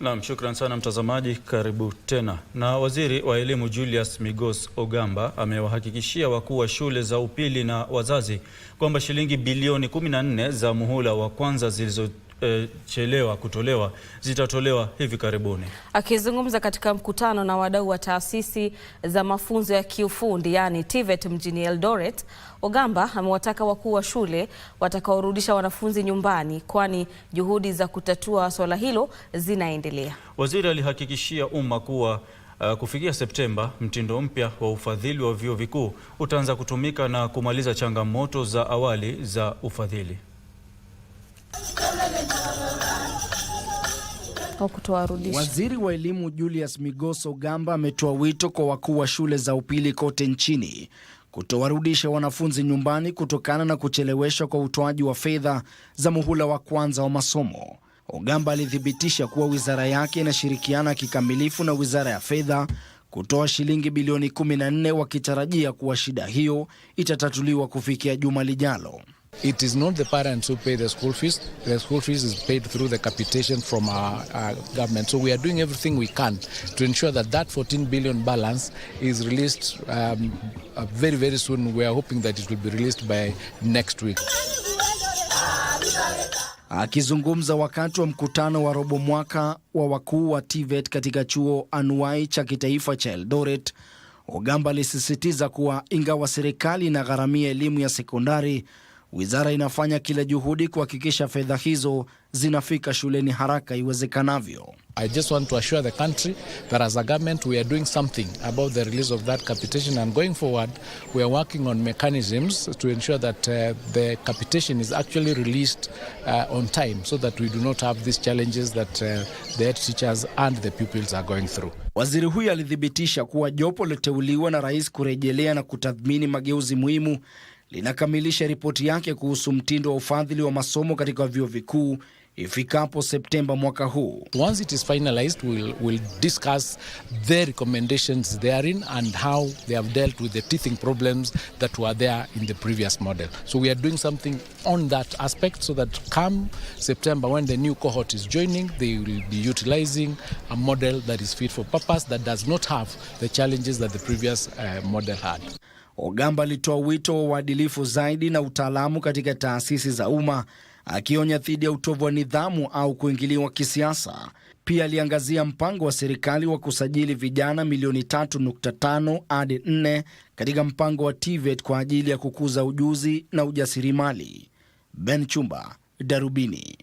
Naam, shukran sana mtazamaji, karibu tena. Na waziri wa elimu Julius Migos Ogamba amewahakikishia wakuu wa shule za upili na wazazi kwamba shilingi bilioni 14 za muhula wa kwanza zilizo E, chelewa kutolewa zitatolewa hivi karibuni. Akizungumza katika mkutano na wadau wa taasisi za mafunzo ya kiufundi yaani TVET mjini Eldoret, Ogamba amewataka wakuu wa shule watakaorudisha wanafunzi nyumbani kwani juhudi za kutatua swala hilo zinaendelea. Waziri alihakikishia umma kuwa Uh, kufikia Septemba mtindo mpya wa ufadhili wa vyuo vikuu utaanza kutumika na kumaliza changamoto za awali za ufadhili. kutowarudisha. Waziri wa elimu Julius Migoso Gamba ametoa wito kwa wakuu wa shule za upili kote nchini kutowarudisha wanafunzi nyumbani kutokana na kucheleweshwa kwa utoaji wa fedha za muhula wa kwanza wa masomo. Ogamba alithibitisha kuwa wizara yake inashirikiana kikamilifu na wizara ya fedha kutoa shilingi bilioni 14 wakitarajia kuwa shida hiyo itatatuliwa kufikia juma lijalo. It is not the parents who pay the school fees. The school fees is paid through the capitation from our, our government. So we are doing everything we can to ensure that that 14 billion balance is released um, uh, very, very soon. We are hoping that it will be released by next week. Akizungumza wakati wa mkutano wa robo mwaka wa wakuu wa TVET katika chuo anuai cha kitaifa cha Eldoret, Ogamba alisisitiza kuwa ingawa serikali inagharamia elimu ya sekondari wizara inafanya kila juhudi kuhakikisha fedha hizo zinafika shuleni haraka iwezekanavyo. I just want to assure the country that as a government we are doing something about the release of that capitation and going forward we are working on mechanisms to ensure that uh, the capitation is actually released uh, on time so that we do not have these challenges that uh, the head teachers and the pupils are going through. Waziri huyo alithibitisha kuwa jopo liloteuliwa na rais kurejelea na kutathmini mageuzi muhimu linakamilisha ripoti yake kuhusu mtindo wa ufadhili wa masomo katika vyuo vikuu ifikapo Septemba mwaka huu. Once it is finalized, we'll, we'll discuss the recommendations therein and how they have dealt with the teething problems that were there in the previous model. So we are doing something on that aspect so that come September when the new cohort is joining, they will be utilizing a model that is fit for purpose that does not have the challenges that the previous uh, model had. Ogamba alitoa wito wa uadilifu zaidi na utaalamu katika taasisi za umma, akionya dhidi ya utovu wa nidhamu au kuingiliwa kisiasa. Pia aliangazia mpango wa serikali wa kusajili vijana milioni 3.5 hadi 4 katika mpango wa TVET kwa ajili ya kukuza ujuzi na ujasiriamali. Ben Chumba, Darubini.